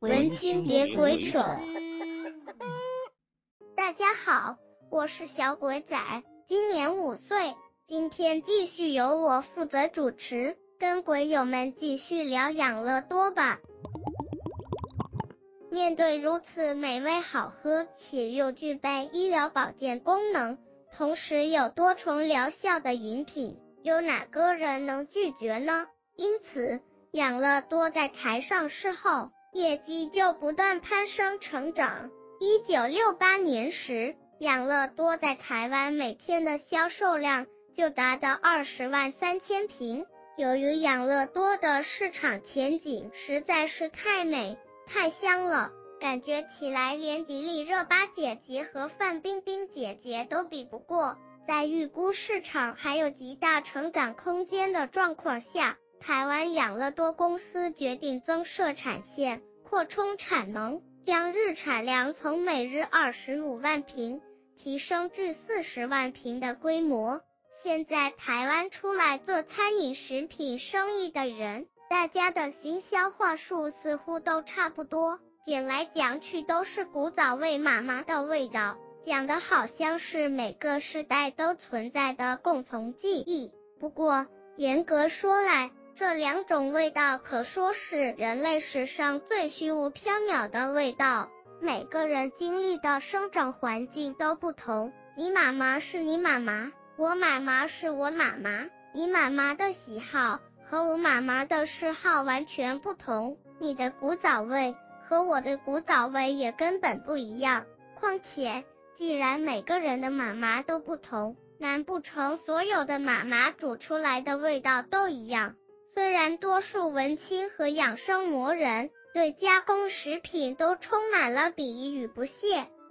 文青別鬼扯！大家好，我是小鬼仔，今年五歲，今天繼續由我負責主持，跟鬼友們繼續聊養樂多吧。面對如此美味、好喝且又具備醫療保健功能，同時有多重療效的飲品，有哪個人能拒絕呢？因此，養樂多在台上市後，業績就不斷攀升成長。一九六八年時，養樂多在台灣每天的銷售量就達到二十萬三千瓶。由於養樂多的市場前景實在是太美、太香了，感覺起來連迪麗熱巴姐姐和范冰冰姐姐都比不過。在預估市場還有極大成長空間的狀況下，台灣養樂多公司決定增設產線，擴充產能，將日產量從每日二十五萬瓶提升至四十萬瓶的規模。現在台灣出來做餐飲食品生意的人，大家的行銷話術似乎都差不多，講來講去都是古早味媽媽的味道，講的好像是每個時代都存在的共同記憶。不過，嚴格說來，這兩種味道可說是人類史上最虛無縹緲的味道。每個人經歷的生長環境都不同，你媽媽是你媽媽，我媽媽是我媽媽，你媽媽的喜好和我媽媽的嗜好完全不同。你的古早味和我的古早味也根本不一樣。況且，既然每個人的媽媽都不同，難不成所有的媽媽煮出來的味道都一樣？雖然多數文青和養生魔人對加工食品都充滿了鄙夷與不屑，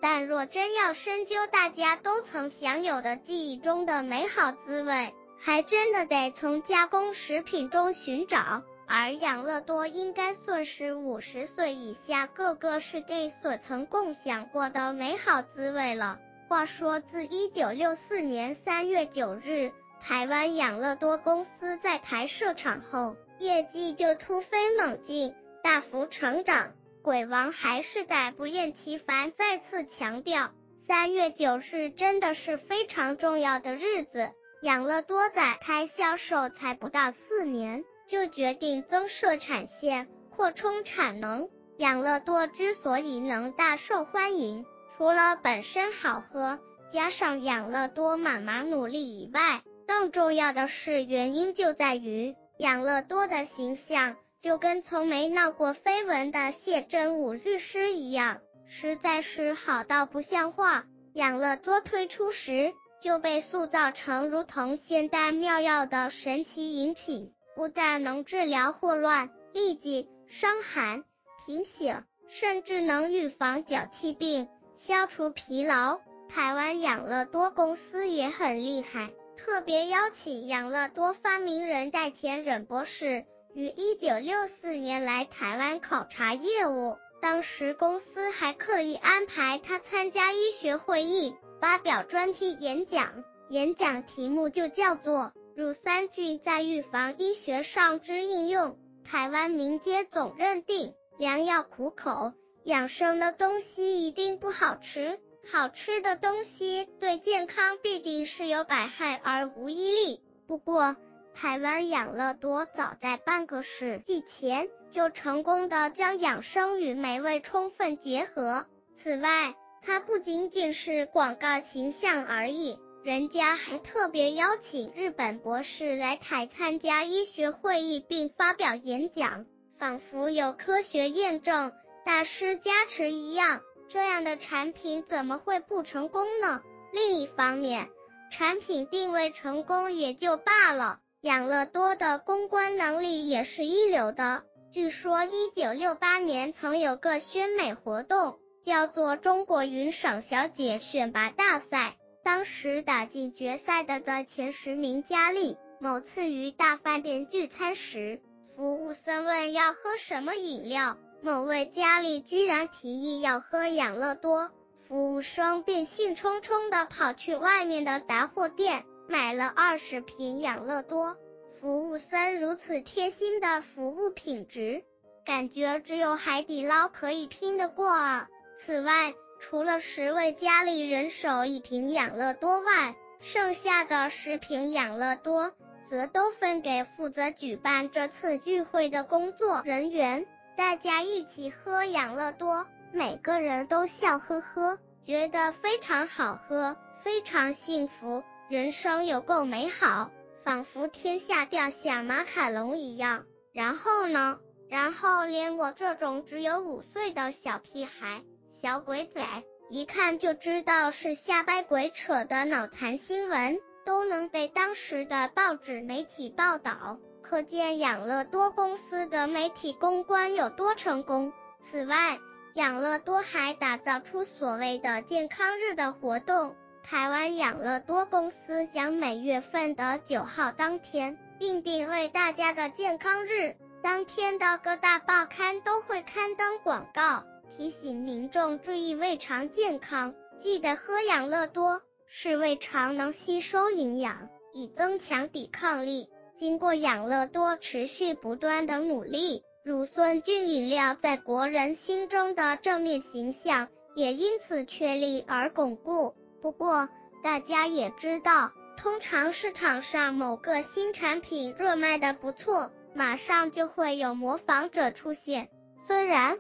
但若真要深究大家都曾享有的記憶中的美好滋味，還真的得從加工食品中尋找。而養樂多應該算是五十歲以下各個世代所曾共享過的美好滋味了。話說自一九六四年三月九日，台灣養樂多公司在台設廠後，業績就突飛猛進，大幅成長。鬼王還是在不厭其煩再次強調，三月九日真的是非常重要的日子。養樂多在台銷售才不到四年，就決定增設產線，擴充產能。養樂多之所以能大受歡迎，除了本身好喝，加上養樂多媽媽努力以外。更重要的是，原因就在於養樂多的形象就跟從沒鬧過緋聞的謝震武律師一樣，實在是好到不像話。養樂多推出時就被塑造成如同現代妙藥的神奇飲品，不但能治療霍亂、痢疾、傷寒、貧血，甚至能預防腳氣病、消除疲勞。台灣養樂多公司也很厲害。特別邀請養樂多發明人代田稔博士於一九六四年來台灣考察業務。當時公司還刻意安排他參加醫學會議，發表專題演講，演講題目就叫做《乳酸菌在預防醫學上之應用》。台灣民間總認定，良藥苦口，養生的東西一定不好吃。好吃的東西對健康必定是有百害而無一利。不過，台灣養樂多早在半個世紀前就成功地將養生與美味充分結合。此外，它不僅僅是廣告形象而已，人家還特別邀請日本博士來台參加醫學會議並發表演講，仿佛有科學驗證、大師加持一樣。這樣的產品怎麼會不成功呢？另一方面，產品定位成功也就罷了，養樂多的公關能力也是一流的。據說，一九六八年曾有個選美活動，叫做“中國雲裳小姐選拔大賽”。當時打進決賽的的前十名佳麗，某次於大飯店聚餐時，服務生問要喝什麼飲料。某位佳麗居然提議要喝養樂多，服務生便興沖沖的跑去外面的雜貨店買了二十瓶養樂多。服務生如此貼心的服務品質，感覺只有海底撈可以拼得過啊！此外，除了十位佳麗人手一瓶養樂多外，剩下的十瓶養樂多則都分給負責舉辦這次聚會的工作人員。大家一起喝養樂多，每個人都笑呵呵，覺得非常好喝，非常幸福，人生有夠美好，仿佛天下掉下馬卡龍一樣。然後呢？然後連我這種只有五歲的小屁孩、小鬼仔，一看就知道是瞎掰鬼扯的腦殘新聞，都能被當時的報紙媒體報道。可見養樂多公司的媒體公關有多成功。此外，養樂多還打造出所謂的“健康日”的活動。台灣養樂多公司將每月份的九號當天定定為大家的健康日，當天的各大報刊都會刊登廣告，提醒民眾注意胃腸健康，記得喝養樂多，使胃腸能吸收營養，以增強抵抗力。經過養樂多持續不斷的努力，乳酸菌飲料在國人心中的正面形象也因此確立而鞏固。不過，大家也知道，通常市場上某個新產品熱賣得不錯，馬上就會有模仿者出現。雖然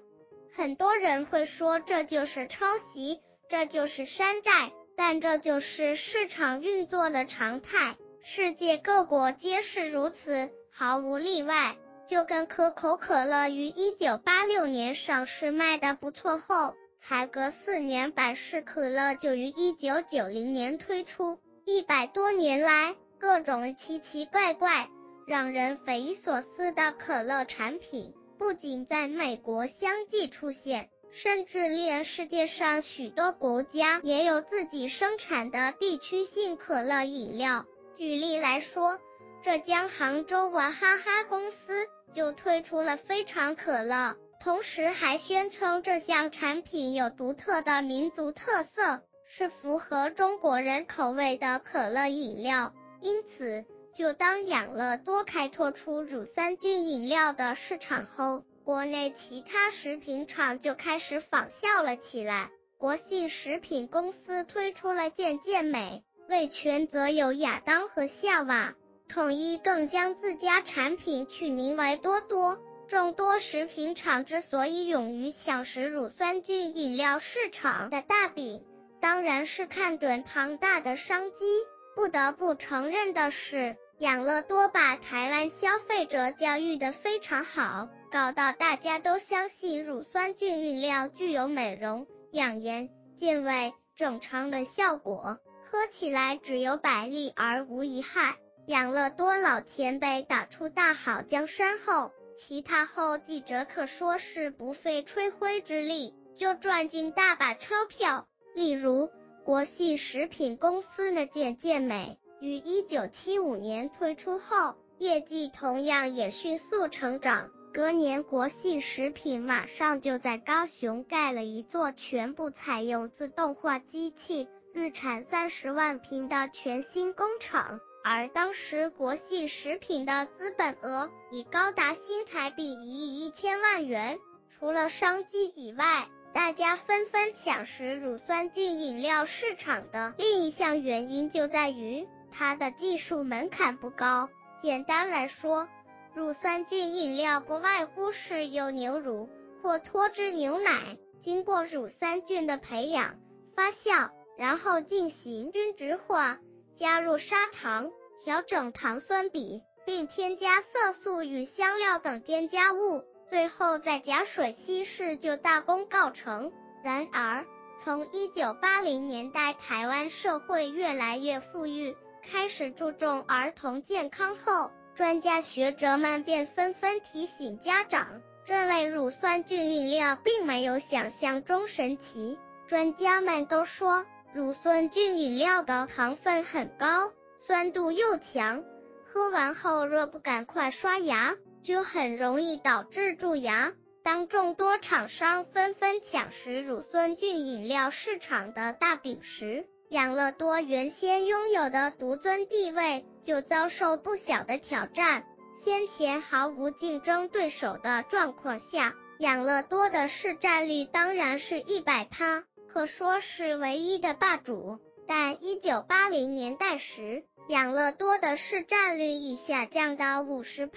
很多人會說這就是抄襲，這就是山寨，但這就是市場運作的常態。世界各國皆是如此，毫無例外。就跟可口可樂於1986年上市賣得不錯後，還隔四年百事可樂就於1990年推出。一百多年來，各種奇奇怪怪、讓人匪夷所思的可樂產品不僅在美國相繼出現，甚至連世界上許多國家也有自己生產的地區性可樂飲料。舉例來說，浙江杭州娃哈哈公司就推出了非常可樂，同時還宣稱這項產品有獨特的民族特色，是符合中國人口味的可樂飲料。因此，就當養樂多開拓出乳酸菌飲料的市場後，國內其他食品廠就開始仿效了起來。國信食品公司推出了健健美。味全則有亞當和夏娃，統一更將自家產品取名為多多。眾多食品廠之所以勇於搶食乳酸菌飲料市場的大餅，當然是看準龐大的商機。不得不承認的是，養樂多把台灣消費者教育的非常好，搞到大家都相信乳酸菌飲料具有美容、養顏、健胃、整腸的效果。喝起來只有百利而無一害。養樂多老前輩打出大好江山後，其他後繼者可說是不費吹灰之力就賺進大把鈔票。例如，國信食品公司的健健美於一九七五年推出後，業績同樣也迅速成長。隔年，國信食品馬上就在高雄蓋了一座全部採用自動化機器。日產三十萬瓶的全新工廠，而當時國信食品的資本額已高達新台幣一億一千萬元。除了商機以外，大家紛紛搶食乳酸菌飲料市場的另一項原因就在於它的技術門檻不高。簡單來說，乳酸菌飲料不外乎是用牛乳或脫脂牛奶經過乳酸菌的培養發酵。然後進行均質化，加入砂糖，調整糖酸比，並添加色素與香料等添加物。最後再加水稀釋就大功告成。然而，從1980年代台灣社會越來越富裕，開始注重兒童健康後，專家學者們便紛紛提醒家長，這類乳酸菌飲料並沒有想象中神奇。專家們都說。乳酸菌飲料的糖分很高，酸度又強，喝完後若不趕快刷牙，就很容易導致蛀牙。當眾多廠商紛紛搶食乳酸菌飲料市場的大餅時，養樂多原先擁有的獨尊地位就遭受不小的挑戰。先前毫無競爭對手的狀況下，養樂多的市占率當然是一百趴。可說是唯一的霸主，但1980年代時，養樂多的市占率已下降到50%。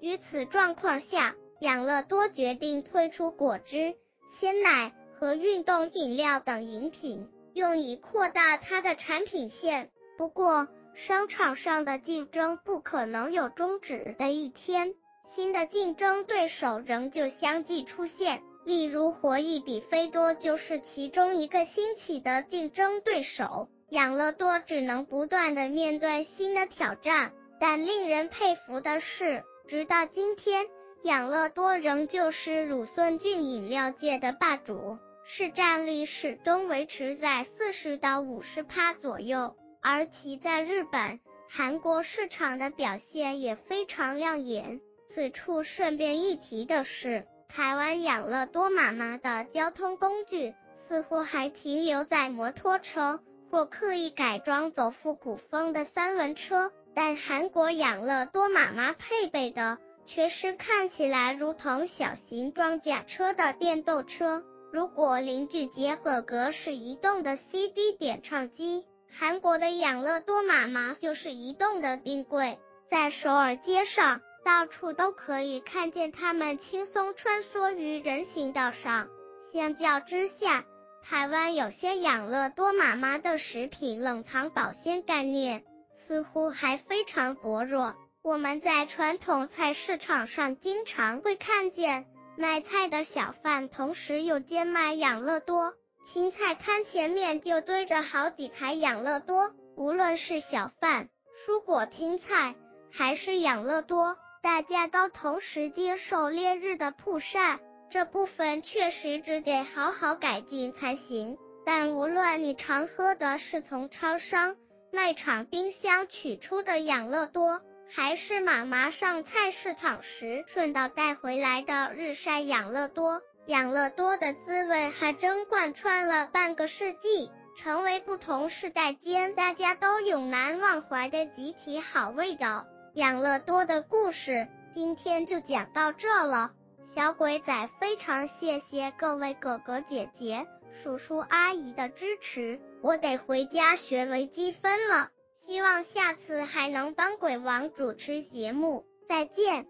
於此狀況下，養樂多決定推出果汁、鮮奶和運動飲料等飲品，用以擴大它的產品線。不過，商場上的競爭不可能有終止的一天，新的競爭對手仍舊相繼出現。例如，活益比菲多就是其中一個興起的競爭對手。養樂多只能不斷的面對新的挑戰，但令人佩服的是，直到今天，養樂多仍舊是乳酸菌飲料界的霸主，市占率始終維持在四十到五十趴左右。而其在日本、韓國市場的表現也非常亮眼。此處順便一提的是，台灣養樂多媽媽的交通工具似乎還停留在摩托車或刻意改裝走復古風的三輪車，但韓國養樂多媽媽配備的卻是看起來如同小型裝甲車的電動車。如果林俊傑合格是移動的 CD 點唱機，韓國的養樂多媽媽就是移動的冰櫃，在首爾街上。到處都可以看見他們輕鬆穿梭於人行道上。相較之下，台灣有些養樂多媽媽的食品冷藏保鮮概念似乎還非常薄弱。我們在傳統菜市場上經常會看見賣菜的小販同時又兼賣養樂多，青菜攤前面就堆着好幾台養樂多。無論是小販、蔬果、青菜，還是養樂多。大家都同時接受烈日的曝曬，這部分確實值得好好改進才行。但無論你常喝的是從超商、賣場冰箱取出的養樂多，還是媽媽上菜市場時順道帶回來的日曬養樂多，養樂多的滋味還真貫穿了半個世紀，成為不同世代間大家都永難忘懷的集體好味道。養樂多的故事今天就講到這了，小鬼仔非常謝謝各位哥哥姐姐、叔叔阿姨的支持，我得回家學微積分了，希望下次還能幫鬼王主持節目，再見。